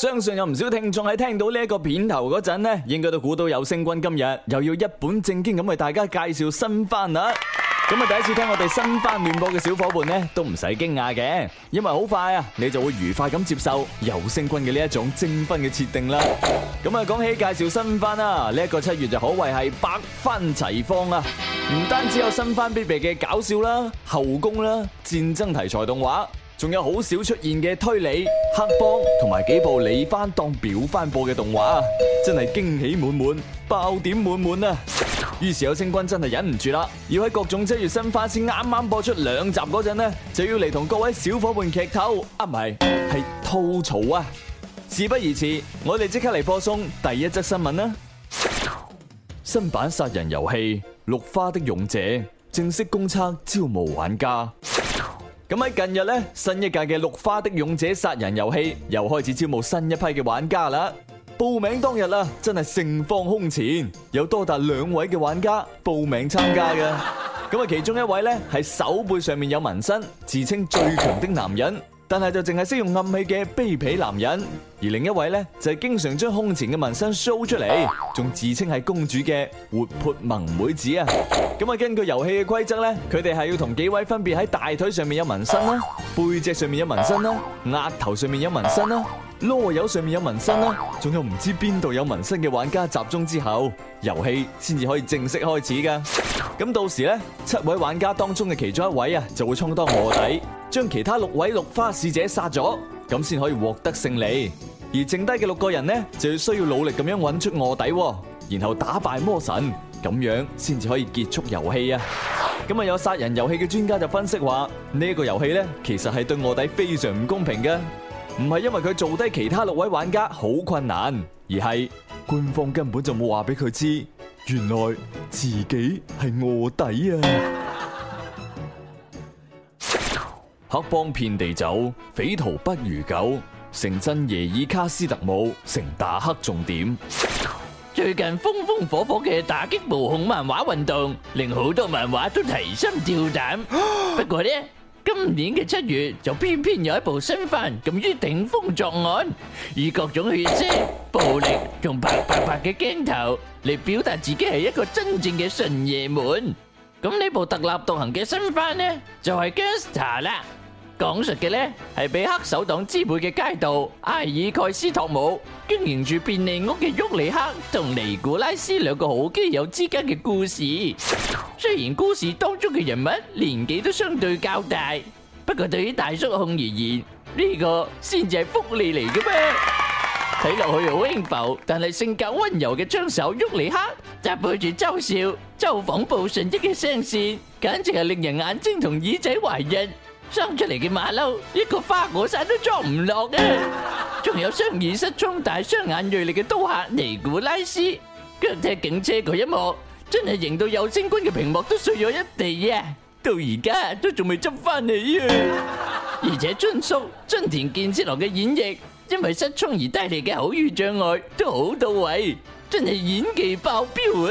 相信有唔少聽眾喺聽到呢一個片頭嗰陣咧，應該都估到有星君今日又要一本正經咁為大家介紹新番啦。咁啊，第一次聽我哋新番亂播嘅小伙伴呢，都唔使驚訝嘅，因為好快啊，你就會愉快咁接受有星君嘅呢一種精分嘅設定啦。咁啊，講起介紹新番啦，呢一個七月就可謂係百番齊放啊！唔單止有新番必備嘅搞笑啦、後宮啦、戰爭題材動畫。仲有好少出現嘅推理黑幫同埋幾部裏番當表番播嘅動畫真係驚喜滿滿，爆點滿滿啊！於是有星君真係忍唔住啦，要喺各種遮住新番先啱啱播出兩集嗰陣咧，就要嚟同各位小伙伴劇透，唔係係吐槽啊！事不宜遲，我哋即刻嚟播送第一則新聞啦！新版殺人遊戲《六花的勇者》正式公測，招募玩家。咁喺近日咧，新一屆嘅《六花的勇者殺人遊戲》又開始招募新一批嘅玩家啦！報名當日啊，真係盛況空前，有多達兩位嘅玩家報名參加嘅。咁啊，其中一位咧係手背上面有紋身，自稱最強的男人。但係就淨係識用暗器嘅卑鄙男人，而另一位咧就係經常將胸前嘅紋身 show 出嚟，仲自稱係公主嘅活潑萌妹子啊！咁啊，根據遊戲嘅規則咧，佢哋係要同幾位分別喺大腿上面有紋身啦、背脊上面有紋身啦、額頭上面有紋身啦、囉柚上面有紋身啦，仲有唔知邊度有紋身嘅玩家集中之後，遊戲先至可以正式開始噶。咁到時咧，七位玩家當中嘅其中一位啊，就會充當卧底。將其他六位六花使者殺咗，咁先可以獲得勝利。而剩低嘅六個人呢，就要需要努力咁樣揾出臥底，然後打敗魔神，咁樣先至可以結束遊戲啊！咁啊， 有殺人遊戲嘅專家就分析話，呢個遊戲呢，其實係對臥底非常唔公平嘅，唔係因為佢做低其他六位玩家好困難，而係官方根本就冇話俾佢知，原來自己係臥底啊！黑幫遍地走，匪徒不如狗。城真耶爾卡斯特姆成打黑重點。最近風風火火嘅打擊暴恐漫畫運動，令好多漫畫都提心吊膽。不過呢，今年嘅七月就偏偏有一部新番敢於頂風作案，以各種血腥、暴力同白白白嘅鏡頭嚟表達自己係一個真正嘅純爺們。咁呢部特立獨行嘅新番呢，就係 GANGSTA. 啦。講述嘅呢係俾黑手黨支配嘅街道，埃爾蓋斯托姆經營住便利屋嘅沃里克同尼古拉斯兩個好基友之間嘅故事。雖然故事當中嘅人物年紀都相對較大，不過對於大叔控而言，呢個先至係福利嚟嘅咩？睇落去好輕浮，但係性格溫柔嘅槍手沃里克，就配住周笑、周仿布唇溢嘅聲線，簡直係令人眼睛同耳仔懷孕。生出嚟嘅馬騮，一個花果山都裝唔落嘅。仲有雙耳失聰但係雙眼銳利嘅刀客尼古拉斯，腳踢警車嗰一幕，真係型到有星君嘅屏幕都碎咗一地啊！到而家都仲未執翻起啊！而且津叔津田健次郎嘅演繹，因為失聰而帶嚟嘅口語障礙都好到位，真係演技爆表啊！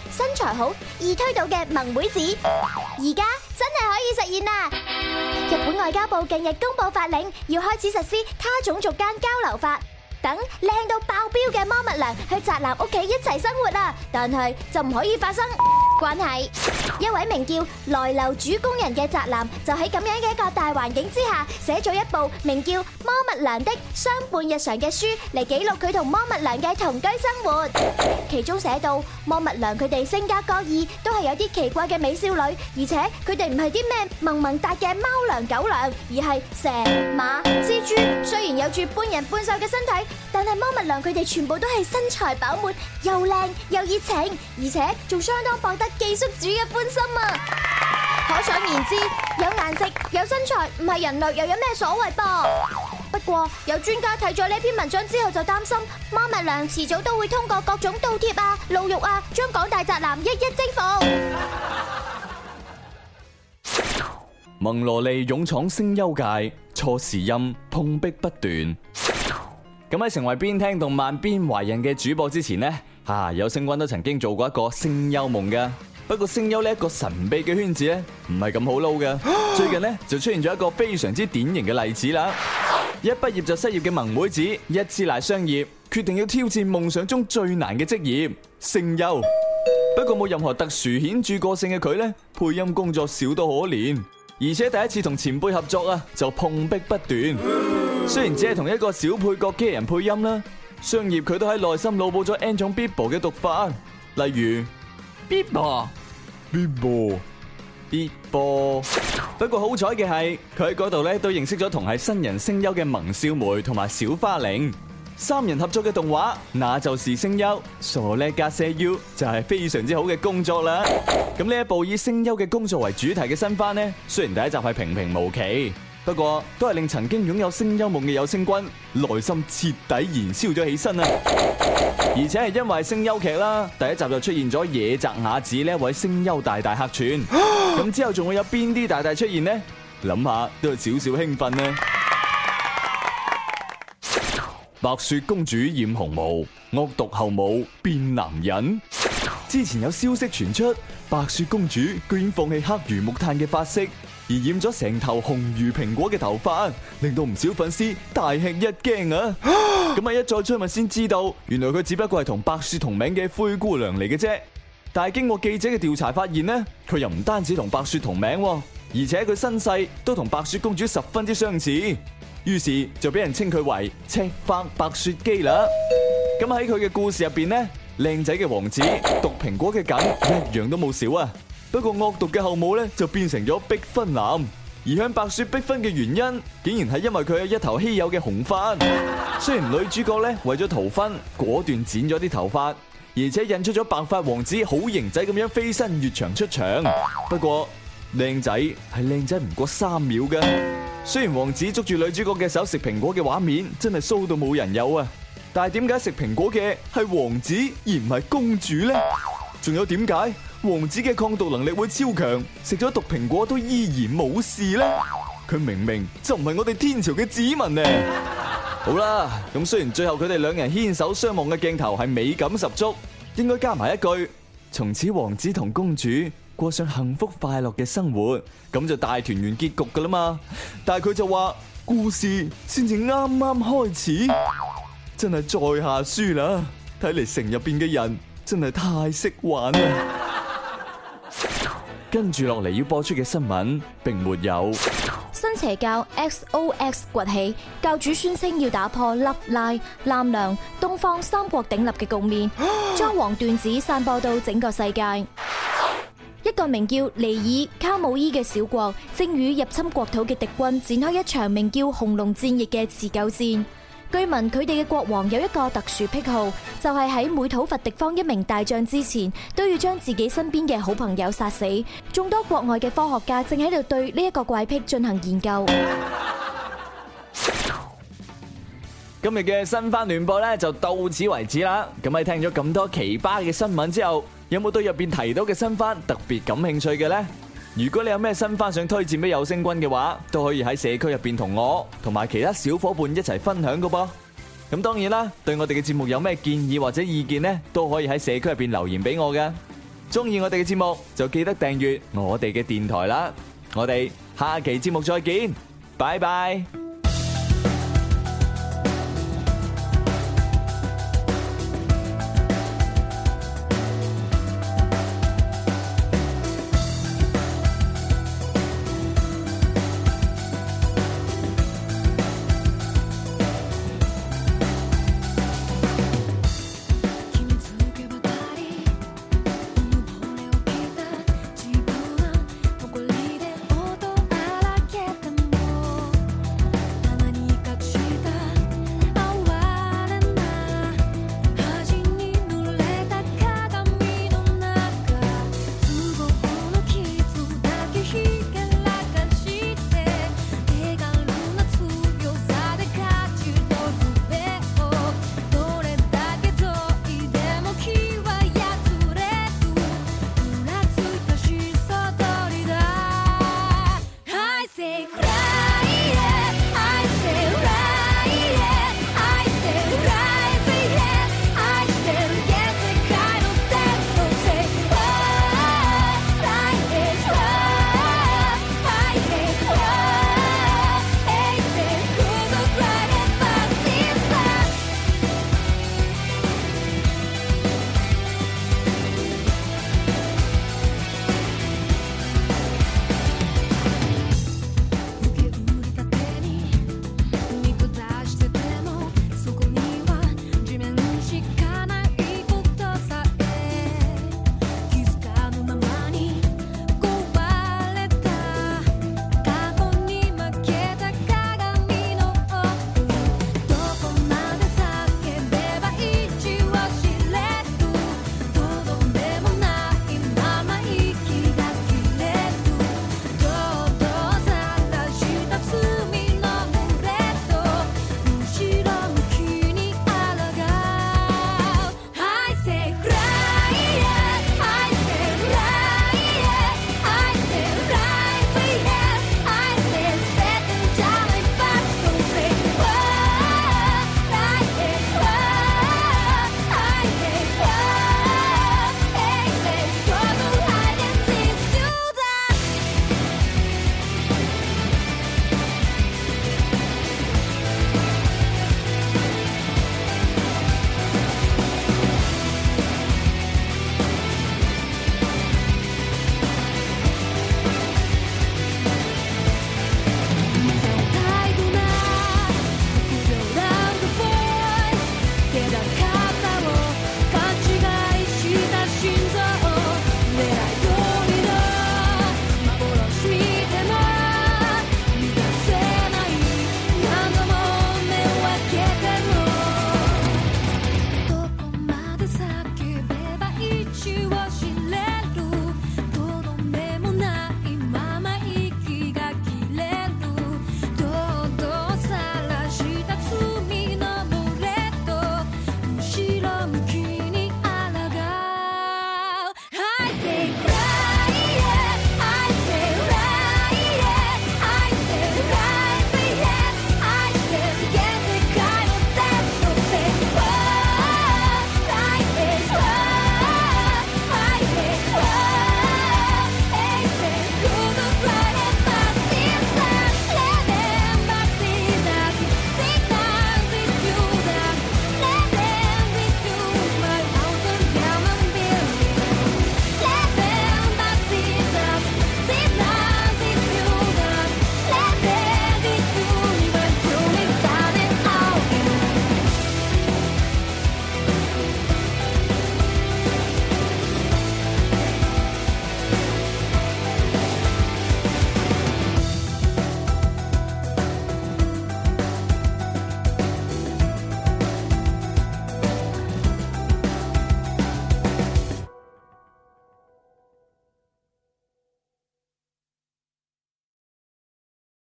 身材好易推倒嘅萌妹子，而家真係可以實現啦！日本外交部近日公布法令，要開始實施他種族間交流法，等靚到爆表嘅魔物娘去宅男屋企一齊生活啦，但係就唔可以發生。關係，一位名叫來樓主工人嘅宅男，就喺咁樣嘅一個大環境之下，寫咗一部名叫《魔物娘的相伴日常》嘅書嚟記錄佢同魔物娘嘅同居生活。其中寫到，魔物娘佢哋性格各異，都係有啲奇怪嘅美少女，而且佢哋唔係啲咩萌萌噠嘅貓糧狗糧，而係蛇、馬、蜘蛛，雖然有住半人半獸嘅身體。但係，魔物娘佢哋全部都係身材飽滿，又靚又熱情，而且仲相當博得寄宿主嘅歡心啊！可想而知，有顏值、有身材，唔係人類又有咩所謂噃？不過有專家睇咗呢篇文章之後就擔心，魔物娘遲早都會通過各種倒貼啊、露肉啊，將廣大宅男一一征服。萌蘿莉勇闖聲優界，錯時音碰壁不斷。咁喺成為邊聽同萬邊懷孕嘅主播之前呢吓有聲君都曾經做過一個聲優夢嘅。不過聲優呢一個神秘嘅圈子咧，唔係咁好撈嘅。最近呢就出現咗一個非常之典型嘅例子啦。一畢業就失業嘅萌妹子，一之瀨雙葉，決定要挑戰夢想中最難嘅職業聲優。不過冇任何特殊顯著個性嘅佢呢，配音工作少到可憐，而且第一次同前輩合作啊，就碰壁不斷。雖然只係同一個小配角嘅人配音啦，商業佢都喺內心腦補咗 N 種 Bible 嘅讀法，例如 Bible、Bible ip、啊、Bible。不過好彩嘅係，佢喺嗰度咧都認識咗同係新人聲優嘅萌少梅同埋小花玲，三人合作嘅動畫，那就時聲優傻叻加聲 u 就係非常之好嘅工作啦。咁呢一部以聲優嘅工作為主題嘅新番呢，雖然第一集係平平無奇。不過都係令曾經擁有聲優夢嘅有聲君內心徹底燃燒咗起身啊！而且係因為聲優劇啦，第一集就出現咗野澤雅子呢一位聲優大大客串，咁之後仲會有邊啲大大出現呢？諗下都有少少興奮呢！白雪公主染紅毛，惡毒後母變男人。之前有消息傳出，白雪公主居然放棄黑如木炭嘅髮色。而染咗成頭紅如蘋果嘅頭髮，令到唔少粉絲大吃一驚啊！咁啊，一再追問先知道，原來佢只不過係同白雪同名嘅灰姑娘嚟嘅啫。但係經過記者嘅調查發現呢，佢又唔單止同白雪同名，而且佢身世都同白雪公主十分之相似。於是就俾人稱佢為赤髮白雪姬啦。咁喺佢嘅故事入邊呢，靚仔嘅王子、毒蘋果嘅梗一樣都冇少啊！不過惡毒嘅後母咧，就變成咗逼婚男，而向白雪逼婚嘅原因，竟然係因為佢有一頭稀有嘅紅髮。 雖然女主角咧，為咗逃婚，果斷剪咗啲頭髮，而且引出咗白髮王子好型仔咁樣飛身越牆出場。 不過靚仔係靚仔唔過三秒㗎。雖然王子捉住女主角嘅手食蘋果嘅畫面真係騷到冇人有啊，但係點解食蘋果嘅係王子而唔係公主呢？仲有點解？王子嘅抗毒能力會超強，食咗毒蘋果都依然冇事呢。佢明明就唔係我哋天朝嘅子民呢。 好啦，咁雖然最後佢哋兩人牽手相望嘅鏡頭係美感十足，應該加埋一句從此王子同公主過上幸福快樂嘅生活，咁就大團圓結局噶啦嘛。但係佢就話故事先至啱啱開始，真係在下輸啦。睇嚟城入邊嘅人真係太識玩啦。跟住落嚟要播出嘅新聞，並沒有新邪教 XOX 崛起，教主宣稱要打破 Love Live 南梁東方三國鼎立嘅局面，將黃段子散播到整個世界。一個名叫尼爾卡姆伊嘅小國，正與入侵國土嘅敵軍展開一場名叫紅龍戰役嘅持久戰。據聞佢哋嘅國王有一個特殊癖好，就係喺每討伐敵方一名大將之前，都要將自己身邊嘅好朋友殺死。眾多國外嘅科學家正喺度對呢一個怪癖進行研究。今日嘅新番聯播呢就到此為止啦。咁喺聽咗咁多奇葩嘅新聞之後，有冇對入邊提到嘅新番特別感興趣嘅呢？如果你有咩新番想推薦俾有聲君嘅話，都可以喺社區入邊同我同埋其他小伙伴一齊分享噶噃。咁當然啦，對我哋嘅節目有咩建議或者意見呢，都可以喺社區入邊留言俾我㗎。中意我哋嘅節目就記得訂閱我哋嘅電台啦。我哋下期節目再見，拜拜。